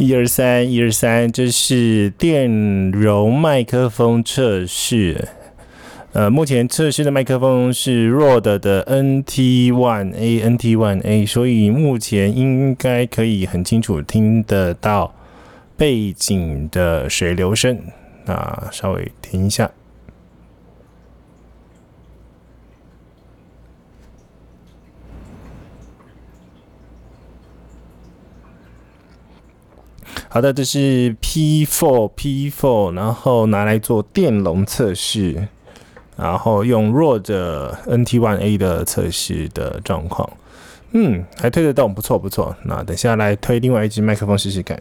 一二三，一二三，這是電容麥克風測試。呃，目前測試的麥克風是 Rode 的 NT1A，NT1A，,NT1A，所以目前應該可以很清楚聽得到背景的水流聲。那、啊、稍微停一下。好的，這是 P4 P4，然後拿來做電容測試，然後用 RODE NT1A 的測試的狀況，嗯，還推得動，不錯不錯。那等下來推另外一支麥克風試試看。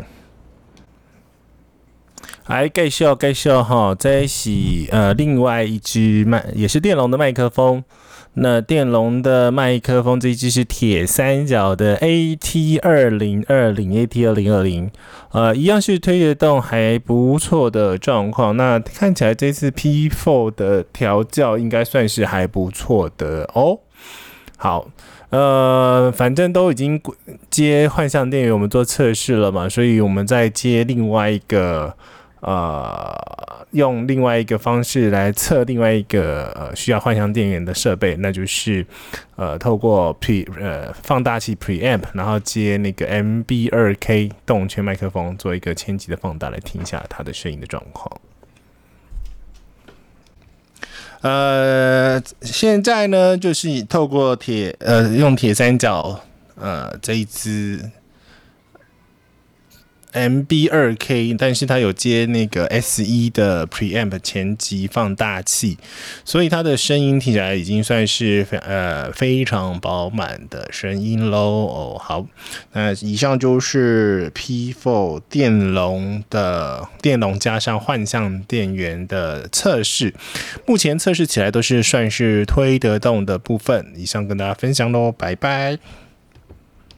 哎，蓋秀，蓋秀哈，再洗呃，另外一支麥也是電容的麥克風。那電容的麥克風這一支是鐵三角的 AT 二零二零，AT 二零二零。呃，一樣是推得動，還不錯的狀況。那看起來這次 P4 的調教應該算是還不錯的哦。好，呃，反正都已經接幻象電源，我們做測試了嘛，所以我們再接另外一個。呃，用另外一個方式來測另外一個呃需要幻象電源的設備，那就是呃透過 p 呃放大器 preamp，然後接那個 MB2K 動圈麥克風做一個前級的放大來聽一下它的聲音的狀況。呃，現在呢就是透過鐵呃用鐵三角呃這一支。MB 2K，但是它有接那個 SE 的 Preamp 前級放大器，所以它的聲音聽起來已經算是非呃非常飽滿的聲音嘍。哦，好，那以上就是 P4 電容的電容加上幻象電源的測試，目前測試起來都是算是推得動的部分。以上跟大家分享嘍，拜拜。